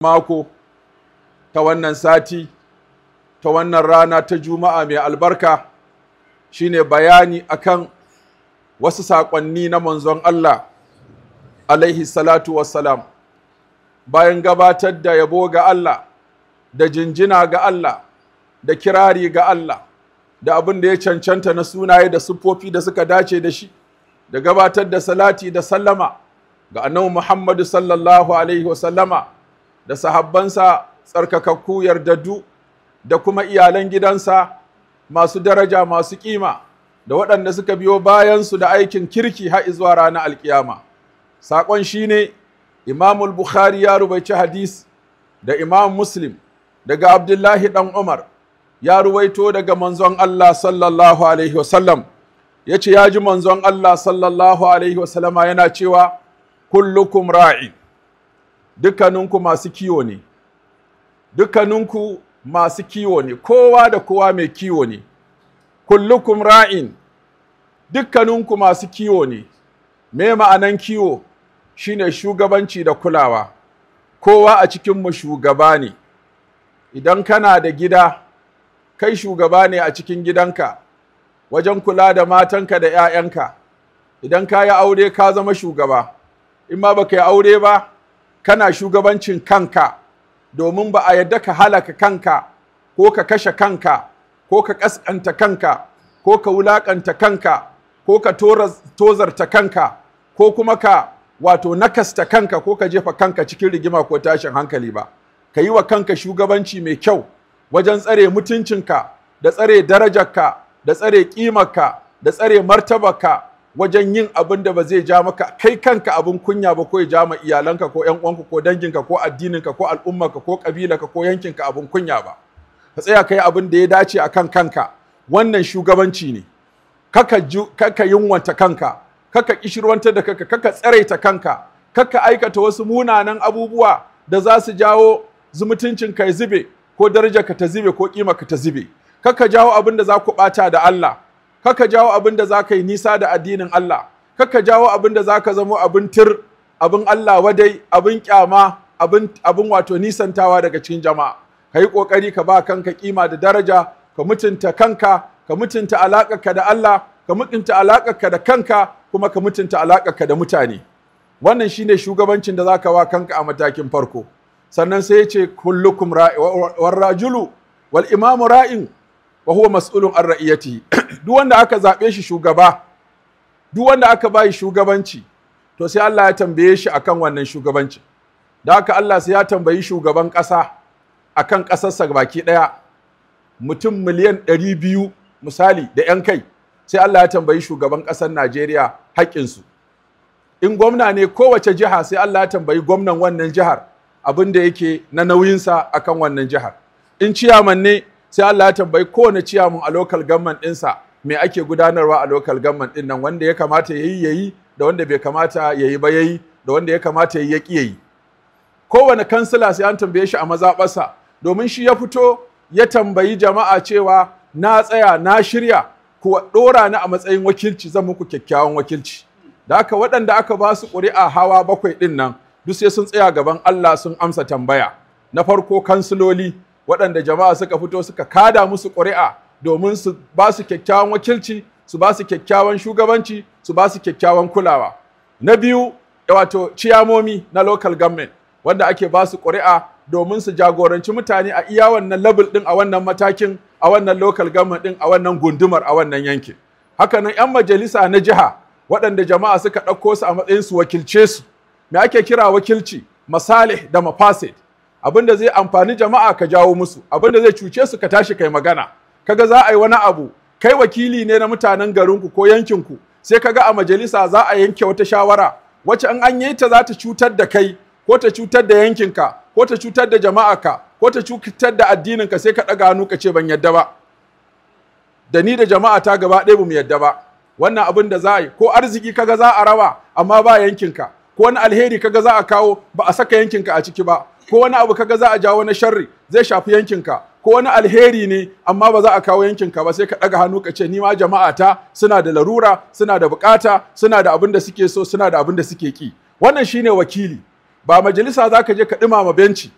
mako ta wannan sati ta wannan rana ta juma'a mai albarka shine bayani akan wasu saƙonni na manzon Allah alaihi salatu wassalam bayan gabatar da yabo ga Allah da jinjina ga Allah da kirari ga Allah da abin da ya cancanta na sunaye da siffofi da suka dace da shi da gabatar da salati da sallama ga annabi Muhammadu sallallahu alaihi wasallama da sahabbansa tsarkakakku yardaddu da kuma iyalan gidansa masu daraja masu kima da waɗanda suka biyo bayansu da aikin kirki har zuwa ranar alkiyama saƙon shine imamul bukhari ya rubaici hadis da imam muslim daga abdullahi ɗan umar ya ruwaito daga manzon allah sallallahu alaihi wasallam ya ce ya ji manzon allah sallallahu alaihi wasallama yana cewa kullukum ra'i dukkaninku masu kiwo ne dukkaninku masu kiwo ne kowa da kowa mai kiwo ne kullukum ra'in dukkaninku masu kiwo ne me ma'anan kiwo shine shugabanci da kulawa kowa a cikinmu shugaba ne idan kana da gida kai shugaba ne a cikin gidanka wajen kula da matanka da 'ya'yanka idan ka yi aure ka zama shugaba in ma baka yi aure ba kana shugabancin kanka domin ba a yadda ka halaka kanka ko ka kashe kanka ko ka kaskanta kanka ko ka wulakanta kanka ko ka tozarta kanka ko kuma ka wato nakasta kanka ko ka jefa kanka cikin rigima ko tashin hankali ba ka yi wa kanka shugabanci mai kyau wajen tsare mutuncinka da tsare darajarka da tsare kimarka da tsare martabarka wajen yin abin da ba zai ja maka kai kanka abin kunya ba ko ya ja ma iyalanka ko ƴan uwanka ko danginka ko addininka ko al'ummarka ko kabilarka ko yankinka abin kunya ba ka tsaya kai abin da ya dace akan kanka wannan shugabanci ne kaka kaka yunwanta kanka kaka kishirwanta da kanka kaka tsareta kanka kaka aikata wasu munanan abubuwa da za su jawo zumutuncinka ya zube ko darajarka ta zube ko ka ta zube kaka jawo abin da za ku ɓata da Allah kaka jawo abin da za ka yi nisa da addinin Allah kaka jawo abin da za ka zamo abin tir abin Allah wadai abin kyama abin wato nisantawa daga cikin jama'a ka yi ƙoƙari ka ba kanka kima da daraja ka mutunta kanka ka mutunta alaƙarka da Allah ka mutunta alaƙarka da kanka kuma ka mutunta alaƙarka da mutane wannan shine shugabancin da za ka wa kanka a matakin farko sannan sai ya ce kullukum ra'i wal imamu ra'in wa huwa mas'ulun an ra'iyatihi duk wanda aka zabe shi shugaba duk wanda aka bayi shugabanci to sai Allah ya tambaye shi akan wannan shugabanci da haka Allah sai ya tambayi shugaban ƙasa akan ƙasarsa baki ɗaya mutum miliyan ɗari biyu misali da 'yan kai sai Allah ya tambayi shugaban ƙasar Najeriya haƙƙinsu in gwamna ne kowace jiha sai Allah ya tambayi gwamnan wannan jihar abin da yake na nauyinsa akan wannan jihar in ciyaman ne sai Allah ya tambayi kowane ciyamun a local government ɗinsa me ake gudanarwa a local government ɗin nan wanda ya kamata ya yi ya yi da wanda bai kamata ya yi ba ya yi da wanda ya kamata ya yi ya ƙi ya yi kowane kansila sai an tambaye shi a mazaɓarsa domin shi ya fito ya tambayi jama'a cewa na tsaya na shirya ku ɗora ni a matsayin wakilci zan muku kyakkyawan wakilci da aka, waɗanda aka ba su ƙuri'a hawa bakwai ɗin nan duk sai sun tsaya gaban Allah sun amsa tambaya na farko kansiloli waɗanda jama'a suka fito suka kada musu ƙuri'a domin su ba su kyakkyawan wakilci su ba su kyakkyawan shugabanci su ba su kyakkyawan kulawa na biyu wato ciyamomi na local government wanda ake ba su ƙuri'a domin su jagoranci mutane a iya wannan level ɗin a wannan matakin a wannan local government ɗin a wannan gundumar a wannan yankin nan, 'yan majalisa na jiha waɗanda jama'a suka ɗauko su a matsayin su wakilce su me ake kira wakilci masalih da mafasid abin da zai amfani jama'a ka jawo musu abin da zai cuce su ka tashi kai magana kaga za a yi wani abu kai wakili ne na mutanen garinku ko yankinku sai kaga a majalisa za a yanke wata shawara wacce in an yi ta za ta cutar da kai ko ta cutar da yankinka ko ta cutar da ka, ko ta cutar da addininka sai ka ɗaga hannu ka ce ban yadda ba da ni da jama'a ta gaba ɗaya mu yadda ba wannan abin da za a yi ko arziki kaga za a raba amma ba yankinka ko wani alheri kaga za a kawo ba a saka yankinka a ciki ba ko wani abu kaga za a jawo na sharri zai shafi yankinka ko wani alheri ne amma ba za a kawo yankinka ba sai ka ɗaga hannu ka ce ni ma jama'a ta suna da larura suna da bukata suna da abin da suke so suna da abin da suke ki wannan shine wakili ba majalisa za ka je ka ɗumama benci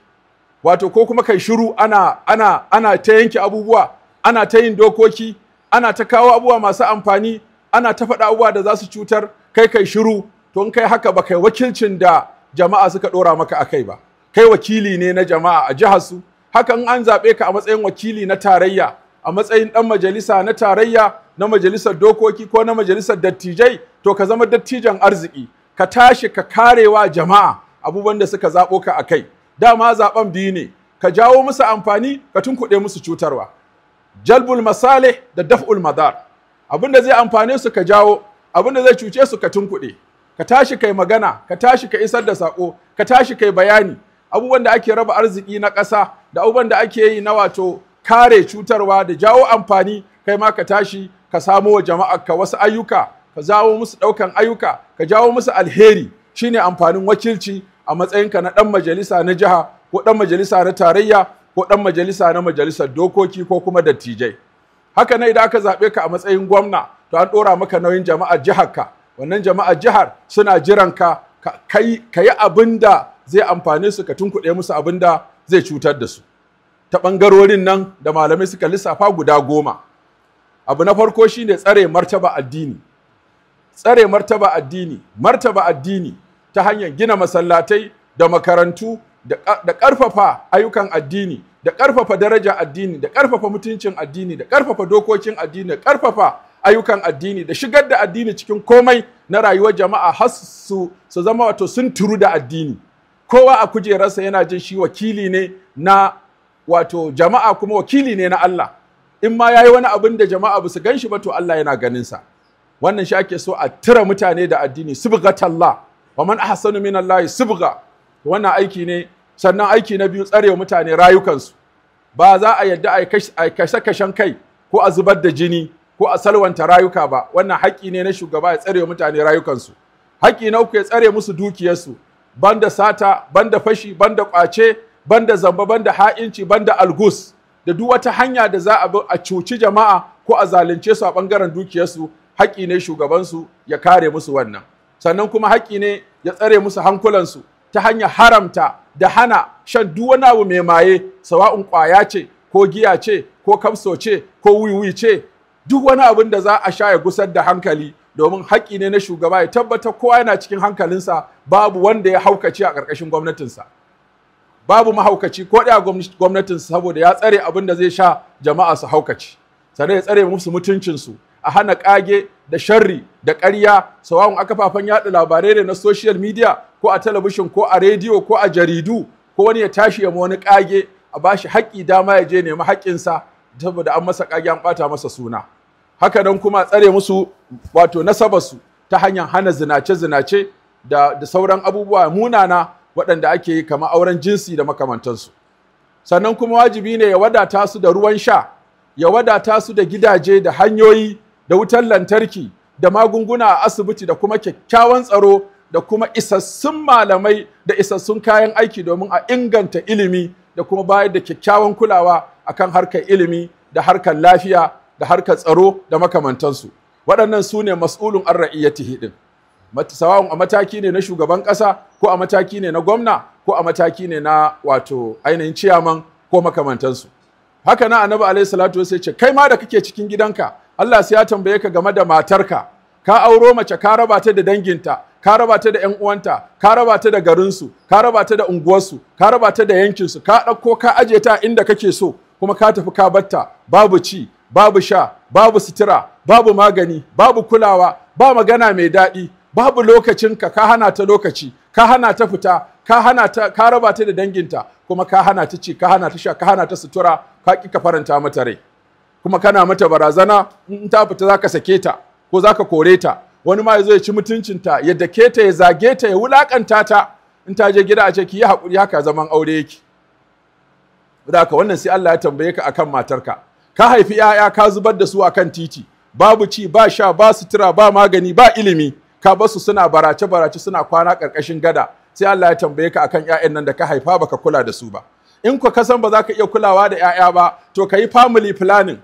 wato ko kuma kai shiru ana ana ana ta yanke abubuwa ana ta yin dokoki ana ta kawo abubuwa masu amfani ana ta faɗa abubuwa da za su cutar kai kai shiru to in kai haka ba kai wakilcin da jama'a suka ɗora maka a kai ba kai wakili ne na jama'a a jihar su Haka in an zaɓe ka a matsayin wakili na tarayya a matsayin ɗan majalisa na tarayya na majalisar dokoki ko na majalisar dattijai to ka zama dattijan arziki ka tashi ka karewa jama'a abubuwan da suka zaɓo ka a kai dama zaɓen biyu ne ka jawo musu amfani ka tunkuɗe musu cutarwa jalbul masale da daf'ul madar abin da zai amfane su ka jawo abin da zai cuce su ka tunkuɗe ka tashi kai magana ka tashi ka isar da saƙo ka tashi kai bayani abubuwan da ake raba arziki na ƙasa da abubuwan da ake yi na wato kare cutarwa da jawo amfani kai ma ka tashi ka samo wa jama'a. Ka wasu ayyuka ka zawo musu ɗaukan ayyuka ka jawo musu alheri shine amfanin wakilci a matsayinka na ɗan majalisa na jiha ko ɗan majalisa na tarayya ko ɗan majalisa na majalisar dokoki ko kuma dattijai haka ne idan aka zaɓe ka a matsayin gwamna to an ɗora maka nauyin jama'ar jihar ka wannan jama'ar jihar suna jiran ka ka yi abin da zai amfane su ka tunkuɗe musu abin da zai cutar da su ta ɓangarorin nan da malamai suka lissafa guda goma abu na farko shine tsare martaba addini tsare martaba addini martaba addini ta hanyar gina masallatai da makarantu da ƙarfafa ayyukan addini da ƙarfafa daraja addini da ƙarfafa mutuncin addini da ƙarfafa dokokin addini da ƙarfafa ayyukan addini da shigar da addini cikin komai na rayuwar jama'a har su zama wato sun turu da addini kowa a kujerarsa yana jin shi wakili ne na wato jama'a kuma wakili ne na Allah in ma yayi wani abin da jama'a ba su gan shi ba to Allah yana ganin sa wannan shi ake so a tira mutane da addini subghatallah wa man ahsanu min Allah subgha wannan aiki ne sannan aiki na biyu tsarewa mutane rayukansu ba za a yadda a kashe kashen kai ko a zubar da jini ko a salwanta rayuka ba wannan haƙƙi ne na shugaba ya tsarewa mutane rayukansu haƙƙi na uku ya tsare musu dukiyarsu banda sata banda fashi banda kwace banda zamba banda ha'inci banda algus da duk wata hanya da za a a cuci jama'a ko a zalunce su a bangaren dukiyarsu haƙƙi ne shugabansu ya kare musu wannan sannan kuma haƙƙi ne ya tsare musu hankulansu ta hanya haramta da hana shan duk wani abu mai maye sawa'un ƙwaya ce ko giya ce ko kamso ce ko wiwi ce duk wani abin da za a sha ya gusar da hankali domin haƙƙi ne na shugaba ya tabbata kowa yana cikin hankalinsa babu wanda ya haukaci a ƙarƙashin gwamnatinsa babu mahaukaci ko ɗaya gwamnatinsa saboda ya tsare abin da zai sha jama'a su haukaci sannan ya tsare musu mutuncinsu a hana ƙage da sharri da ƙarya sawa'un a kafafen yaɗa labarai ne na social media ko a talabishin ko a rediyo ko a jaridu ko wani ya tashi ya wani ƙage a bashi haƙƙi dama ya je nemi haƙƙinsa saboda an masa ƙage an ɓata masa suna haka don kuma tsare musu wato nasabarsu ta hanyar hana zinace-zinace da, da sauran abubuwa munana waɗanda ake yi kamar auren jinsi da makamantansu sannan kuma wajibi ne ya wadata su da ruwan sha ya wadata su da gidaje da hanyoyi da wutar lantarki da magunguna a asibiti da kuma kyakkyawan tsaro da kuma isassun malamai da isassun kayan aiki domin a inganta ilimi da kuma bayar da kyakkyawan kulawa akan harkar ilimi da harkar lafiya da harkar tsaro da makamantansu waɗannan su ne mas'ulun an ra'iyyatihi din sawa'un a mataki ne na shugaban ƙasa ko a mataki ne na gwamna ko a mataki ne na wato ainihin ciyaman ko makamantansu haka na annabi alaihi salatu sai ce kai ma da kake cikin gidanka Allah sai ya tambaye ka game da matarka ka auro mace ka raba ta da danginta ka raba ta da 'yan uwanta ka raba ta da garinsu ka raba ta da unguwarsu ka raba ta da yankinsu ka ɗauko ka aje ta inda kake so kuma ka tafi ka batta babu ci babu sha babu sutura babu magani babu kulawa ba magana mai daɗi babu lokacinka ka hana ta lokaci ka hana ta fita ka hana ta ka raba ta da danginta kuma ka hana ta ci ka hana ta sha ka hana ta sutura ka ki ka faranta mata rai kuma kana mata barazana in ta fita zaka sake ta ko zaka kore ta wani ma yazo ya ci ta, ya dake ta ya zage ta ya wulakanta ta in ta je gida a ce ki yi hakuri haka zaman aure yake da haka wannan sai Allah ya tambaye ka akan matarka ka haifi 'ya'ya ka zubar da su a kan titi babu ci ba sha ba sutura ba magani ba ilimi ka basu suna barace barace suna kwana ƙarƙashin gada sai Allah ya tambaye ka akan 'ya'yan nan da ka haifa baka kula da su ba in ku ka san ba za ka iya kulawa da 'ya'ya ba to ka yi family planning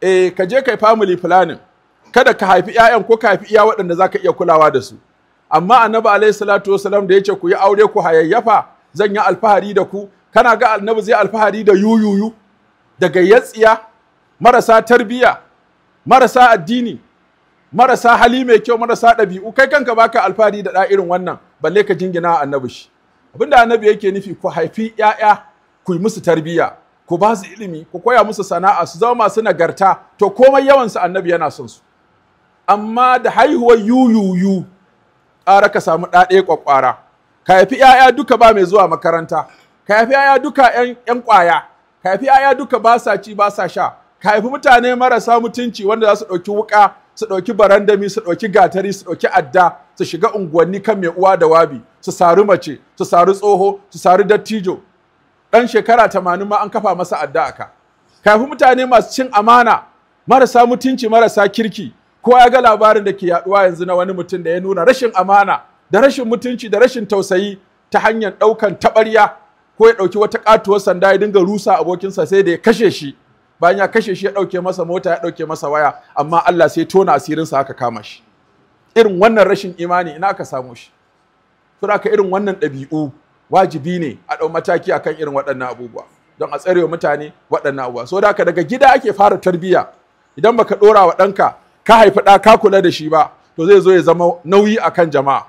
eh ka je ka yi family planning kada ka haifi 'ya'yan ko ka haifi iya waɗanda za ka iya kulawa da su amma annabi alaihi salatu wasalam da ya ce ku yi aure ku hayayyafa zan yi alfahari da ku kana ga annabi zai alfahari da yuyuyu da gayyatsiya marasa tarbiya marasa addini marasa hali mai kyau marasa ɗabi'u kai kanka baka alfahari da irin wannan balle ka jingina annabi shi abinda annabi yake nufi ku haifi 'ya'ya ku yi musu tarbiya ku ba su ilimi ku koya musu sana'a su zama masu nagarta to komai yawan su annabi yana son su amma da haihuwar yuyuyu ƙara ka samu ɗaɗe kwakwara ka haifi 'ya'ya duka ba mai zuwa makaranta ka haifi 'ya'ya duka ƴan ƙwaya ka haifi ‘ya'ya duka ba sa ci ba sa sha ka haifi mutane marasa mutunci wanda za su ɗauki wuƙa su ɗauki barandami su ɗauki gatari su ɗauki adda su shiga unguwanni kan mai uwa da wabi su sari mace su sari tsoho su sari dattijo ɗan shekara tamanin ma an kafa masa adda aka ka haifi mutane masu cin amana marasa mutunci marasa kirki ko ya ga labarin da ke yaɗuwa yanzu na wani mutum da ya nuna rashin amana da rashin mutunci da rashin tausayi ta hanyar ɗaukan taɓarya ko ya ɗauki wata katuwar sanda ya dinga rusa abokinsa sai da ya kashe shi bayan ya kashe shi ya ɗauke masa mota ya ɗauke masa waya amma Allah sai tona asirinsa aka kama shi irin wannan rashin imani ina aka samu shi to aka irin wannan ɗabi'u wajibi ne a ɗau mataki akan irin waɗannan abubuwa don a tsarewa mutane waɗannan abubuwa so da daga gida ake fara tarbiyya idan baka ɗora wa ɗanka ka haifi ɗa ka kula da shi ba to zai zo ya zama nauyi akan jama'a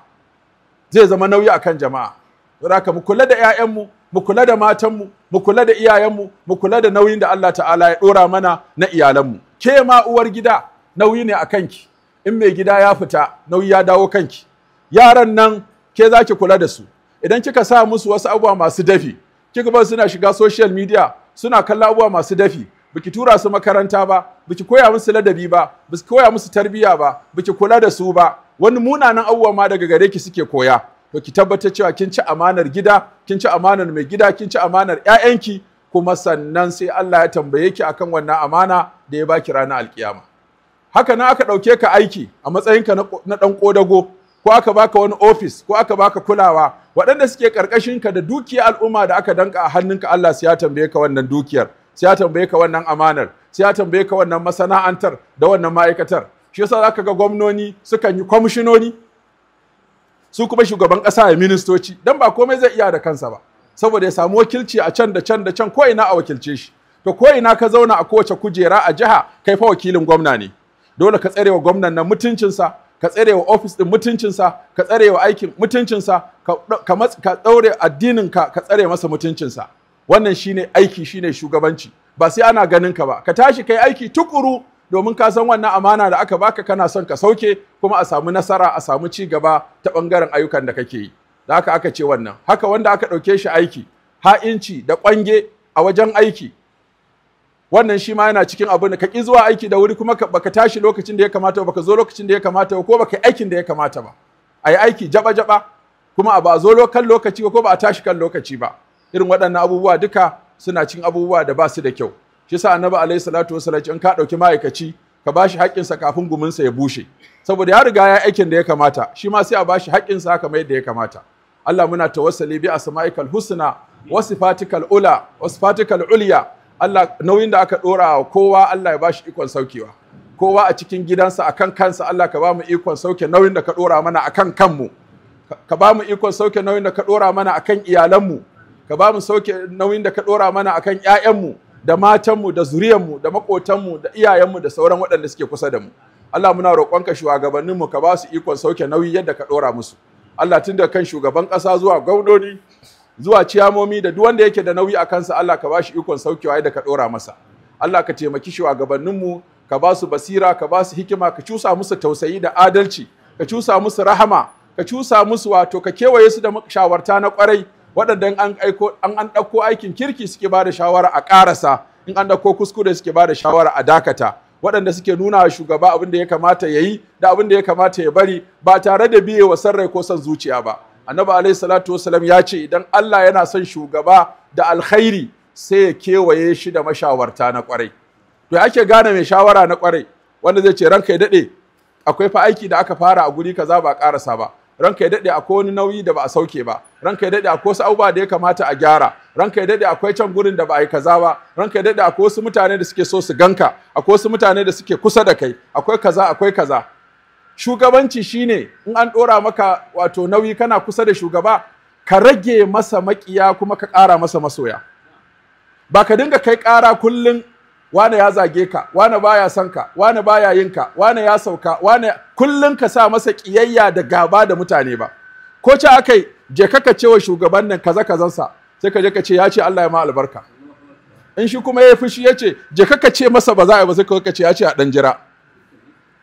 zai zama nauyi akan jama'a don haka mu kula da 'ya'yanmu mu kula da matanmu mu kula da iyayenmu mu kula da nauyin da Allah ta'ala ya ɗora mana na iyalanmu ke ma uwar gida nauyi ne a kanki in mai gida ya fita nauyi ya dawo kanki yaran nan ke za ki kula da su idan kika sa musu wasu abubuwa masu dafi kika ba suna shiga social media suna kalla abubuwa masu dafi biki tura su makaranta ba biki koya musu ladabi ba biki koya musu tarbiyya ba biki kula da su ba wani munanan abubuwa ma daga gare ki suke koya to ki tabbatar cewa kin ci amanar gida kin ci amanar mai gida kin ci amanar 'ya'yanki, kuma sannan sai Allah ya tambaye ki akan wannan amana da ya baki ranar alkiyama haka nan aka ɗauke ka aiki a matsayinka na ɗan ƙodago ko aka baka wani ofis ko aka baka kulawa waɗanda suke ka da dukiyar al'umma da aka danka a hannunka Allah sai ya tambaye ka wannan dukiyar sai ya tambaye ka wannan amanar sai ya tambaye ka wannan masana'antar da wannan ma'aikatar shi yasa zaka ga gwamnoni sukan yi kwamishinoni su kuma shugaban ƙasa ya ministoci don ba komai zai iya da kansa ba saboda ya samu wakilci a can da can da can ko ina a wakilce shi to ko ina ka zauna a kowace kujera a jiha kai fa wakilin gwamna ne dole ka tsarewa gwamnan nan mutuncinsa ka tsarewa ofis ɗin mutuncinsa ka tsarewa aikin mutuncinsa ka ka daure addinin ka ka tsare masa mutuncinsa wannan shine aiki shine shugabanci ba sai ana ganin ka ba ka tashi kai aiki tukuru domin ka san wannan amana da aka baka kana son ka sauke kuma a samu nasara a samu ci gaba ta bangaren ayyukan da kake yi da haka aka ce wannan haka wanda aka ɗauke shi aiki ha'inci da kwange a wajen aiki wannan shi ma yana cikin abin da ka ki zuwa aiki da wuri kuma baka tashi lokacin da ya kamata baka zo lokacin da ya kamata ko baka yi aikin da ya kamata ba ayi aiki jaba jaba kuma ba zo kan lokaci ko ba a tashi kan lokaci ba irin waɗannan abubuwa duka suna cikin abubuwa da ba su da kyau shi sa annabi alaihi salatu wasallam in ka dauki ma'aikaci ka bashi sa kafin guminsa ya bushe saboda ya riga ya aikin da ya kamata shi ma sai a bashi haƙƙin sa mai yadda ya kamata Allah muna tawassali bi asma'ikal husna wa sifatikal ula wa sifatikal ulya Allah nauyin da aka dora wa kowa Allah ya bashi ikon saukewa kowa a cikin gidansa akan kansa Allah ka ba mu ikon sauke nauyin da ka dora mana akan kanmu ka ba mu ikon sauke nauyin da ka dora mana akan iyalanmu ka ba mu sauke nauyin da ka dora mana akan 'ya'yanmu. da matanmu da zuriyarmu da makotanmu da iyayenmu da sauran waɗanda suke kusa da mu Allah muna roƙonka shugabanninmu ka ba su ikon sauke nauyi yadda ka ɗora musu Allah tun da kan shugaban ƙasa zuwa gaudoni zuwa ciyamomi da duk wanda yake da nauyi a kansa Allah ka ba shi ikon saukewa yadda ka ɗora masa Allah ka taimaki shugabanninmu ka ba su basira ka ba su hikima ka cusa musu tausayi da adalci ka cusa musu rahama ka cusa musu wato ka kewaye su da shawarta na kwarai waɗanda an an an ɗauko aikin kirki suke ba da shawara a ƙarasa in an ɗauko kuskure suke ba da shawara a dakata waɗanda suke nuna wa shugaba abin da ya kamata ya yi da abin da ya kamata ya bari ba tare da biye wa sarrai ko son zuciya ba annabi alaihi salatu wasalam ya ce idan Allah yana son shugaba da alkhairi sai ya kewaye shi da mashawarta na kwarai to ake gane mai shawara na kwarai wanda zai ce ranka ya daɗe. akwai fa aiki da aka fara a guri kaza ba karasa ba ranka ya daɗe akwai wani nauyi da ba a sauke ba ranka ya dade akwai wasu abubuwa da ya kamata a gyara ranka ya dade akwai can gurin da ba a yi kaza ba ranka ya dade akwai wasu mutane da suke so su ganka akwai wasu mutane da suke kusa da kai akwai kaza akwai kaza shugabanci shine in an ɗora maka wato nauyi kana kusa da shugaba ka rage masa makiya kuma ka ƙara masa masoya ba ka dinga kai ƙara kullum wane ya zage ka wane baya son ka wane baya yin ka wane ya sauka wane kullum ka sa masa ƙiyayya da gaba da mutane ba ko ce akai je kaka cewa shugaban nan kaza kazansa sai ka je ka ce ya ce Allah ya ma albarka in shi kuma ya fushi ya ce je kaka ce masa ba za a yi ba sai ka ce ya ce a dan jira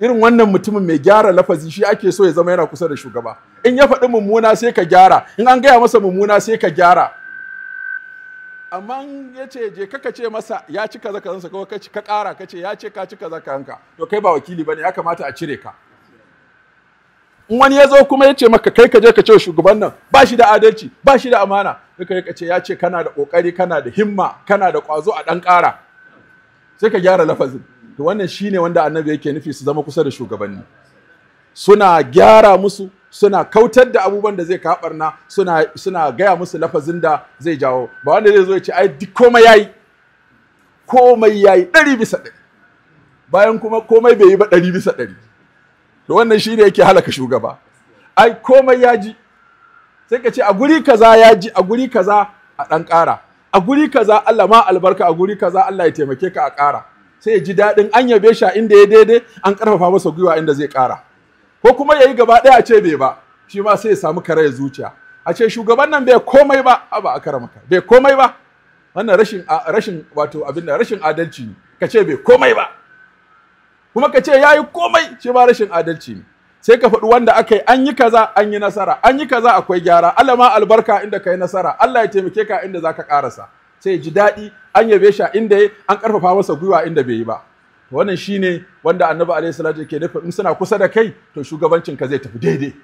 irin wannan mutumin mai gyara lafazi shi ake so ya zama yana kusa da shugaba in ya faɗi mummuna sai ka gyara in an gaya masa mummuna sai ka gyara amma ya ce je kaka ce masa ya ci kaza kazansa ka ƙara ka ce ya ce ka ci kaza ka to kai ba wakili ba ne, ya kamata a cire ka in wani ya zo kuma ya ce maka kai ka je ka ce shugaban nan ba shi da adalci ba shi da amana duka ya ce ya ce kana da kokari kana da himma kana da kwazo a dan kara sai ka gyara lafazin to wannan shine wanda annabi yake nufi su zama kusa da shugabanni suna gyara musu suna kautar da abubuwan da zai ka suna suna gaya musu lafazin da zai jawo ba wanda zai zo ya ce ai duk komai yayi komai yayi ɗari bisa ɗari bayan kuma komai bai yi ba ɗari bisa ɗari da wannan shi ne yake halaka shugaba ai komai ya ji sai ka ce a guri kaza ya ji a guri kaza a ɗan ƙara a guri kaza Allah ma albarka a guri kaza Allah ya taimake ka a ƙara sai ya ji daɗin an yabe shi inda ya daidai an ƙarfafa masa gwiwa inda zai ƙara ko kuma ya yi gaba ɗaya a ce bai ba shi ma sai ya samu karayar zuciya a ce shugaban nan bai komai ba a ba a kara bai komai ba wannan rashin rashin wato abin da rashin adalci ne ka ce bai komai ba kuma ka ce ya yi komai shi ma rashin adalci ne sai ka faɗi wanda aka yi an yi kaza an yi nasara an yi kaza akwai gyara Allah ma albarka inda ka yi nasara Allah ya taimake ka inda za ka ƙarasa sai ji daɗi an yabe shi inda ya an ƙarfafa masa gwiwa inda bai yi ba wannan ne wanda annabi alaihi salatu ke nufi in suna kusa da kai to shugabancin ka zai tafi daidai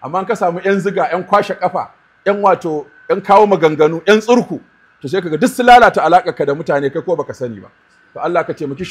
amma ka samu yan ziga yan kwashe kafa yan wato yan kawo maganganu yan tsurku to sai kaga duk su lalata alakar ka da mutane kai ko baka sani ba to Allah ka taimaki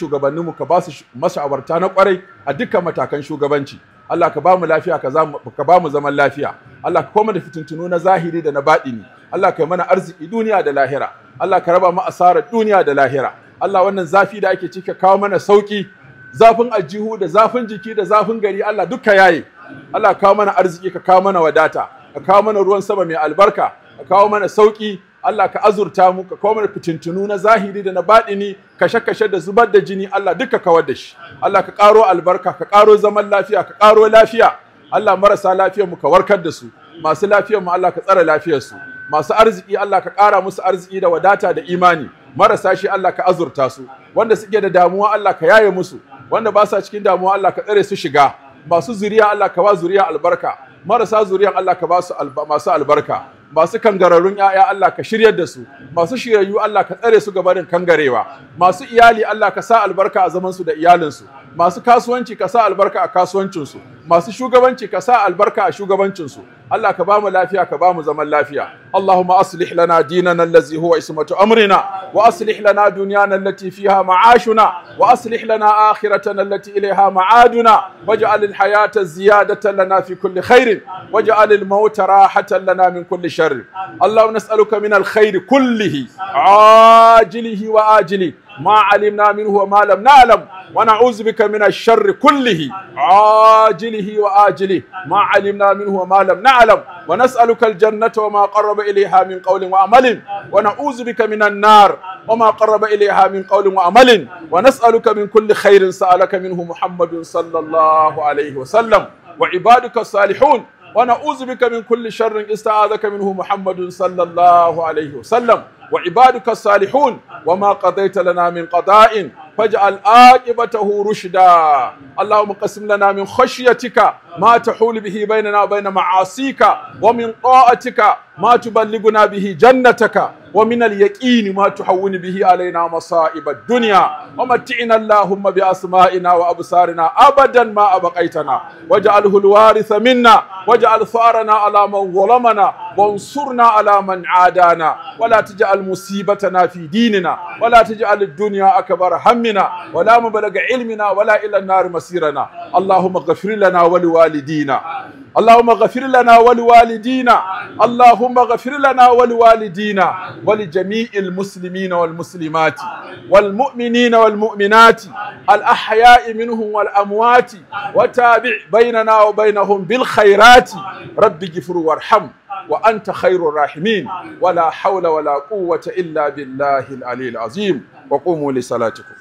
mu ka ba su masawarta na kwarai a dukkan matakan shugabanci Allah ka ba mu lafiya ka ba mu zaman lafiya Allah ka koma da fitintunu na zahiri da na baɗini Allah ka yi mana arziki duniya da lahira Allah ka raba mu asarar duniya da lahira Allah wannan zafi da ake cika kawo mana sauki zafin aljihu da zafin jiki da zafin gari Allah duka yayi Allah ka kawo mana arziki ka kawo mana wadata ka kawo mana ruwan sama mai albarka ka kawo mana sauki Allah ka azurta mu ka komar fitintunu na zahiri da na baɗini kashe-kashe da zubar da jini Allah duka kawar da shi Allah ka ƙaro albarka ka ƙaro zaman lafiya ka ƙaro lafiya Allah marasa lafiyar mu ka warkar da su masu lafiyar mu Allah ka tsara lafiyar su masu arziki Allah ka ƙara musu arziki da wadata da imani marasa shi Allah ka azurta su wanda suke da damuwa Allah ka yaye musu wanda ba sa cikin damuwa Allah ka tsare su shiga masu zuriya Allah ka ba zuriya albarka marasa zuriya Allah ka ba su masu albarka masu kangararrun ‘ya'ya Allah ka shiryar da su, masu shiryayyu Allah ka tsare su gabarin kangarewa, masu iyali Allah ka sa albarka a su da iyalinsu. masu kasuwanci ka sa albarka a kasuwancinsu masu shugabanci ka sa albarka a shugabancinsu Allah ka bamu lafiya ka bamu zaman lafiya Allahumma aslih lana dinana allazi huwa ismatu amrina wa aslih lana dunyana allati fiha ma'ashuna wa aslih lana akhiratana allati ilayha ma'aduna waj'al alhayata ziyadatan lana fi kulli khairin waj'al almauta rahatan lana min kulli sharr Allahumma nas'aluka min alkhair kullihi ajilihi wa ajilihi ما علمنا منه وما لم نعلم ونعوذ بك من الشر كله عاجله وآجله ما علمنا منه وما لم نعلم ونسألك الجنة وما قرب إليها من قول وعمل ونعوذ بك من النار وما قرب إليها من قول وعمل ونسألك من كل خير سألك منه محمد صلى الله عليه وسلم وعبادك الصالحون ونعوذ بك من كل شر استعاذك منه محمد صلى الله عليه وسلم وعبادك الصالحون وما قضيت لنا من قضاء فاجعل عاقبته رشدا اللهم قسم لنا من خشيتك ما تحول به بيننا وبين معاصيك ومن طاعتك ما تبلغنا به جنتك ومن اليقين ما تحول به علينا مصائب الدنيا ومتعنا اللهم بأسمائنا وأبصارنا أبدا ما أبقيتنا واجعله الوارث منا واجعل ثارنا على من ظلمنا وانصرنا على من عادانا ولا تجعل مصيبتنا في ديننا ولا تجعل الدنيا أكبر همنا ولا مبلغ علمنا ولا إلى النار مسيرنا اللهم اغفر لنا ولوالدينا اللهم اغفر لنا ولوالدينا اللهم اغفر لنا ولوالدينا ولجميع المسلمين والمسلمات والمؤمنين والمؤمنات الأحياء منهم والأموات وتابع بيننا وبينهم بالخيرات رب اغفر وارحم وأنت خير الراحمين ولا حول ولا قوة إلا بالله العلي العظيم وقوموا لصلاتكم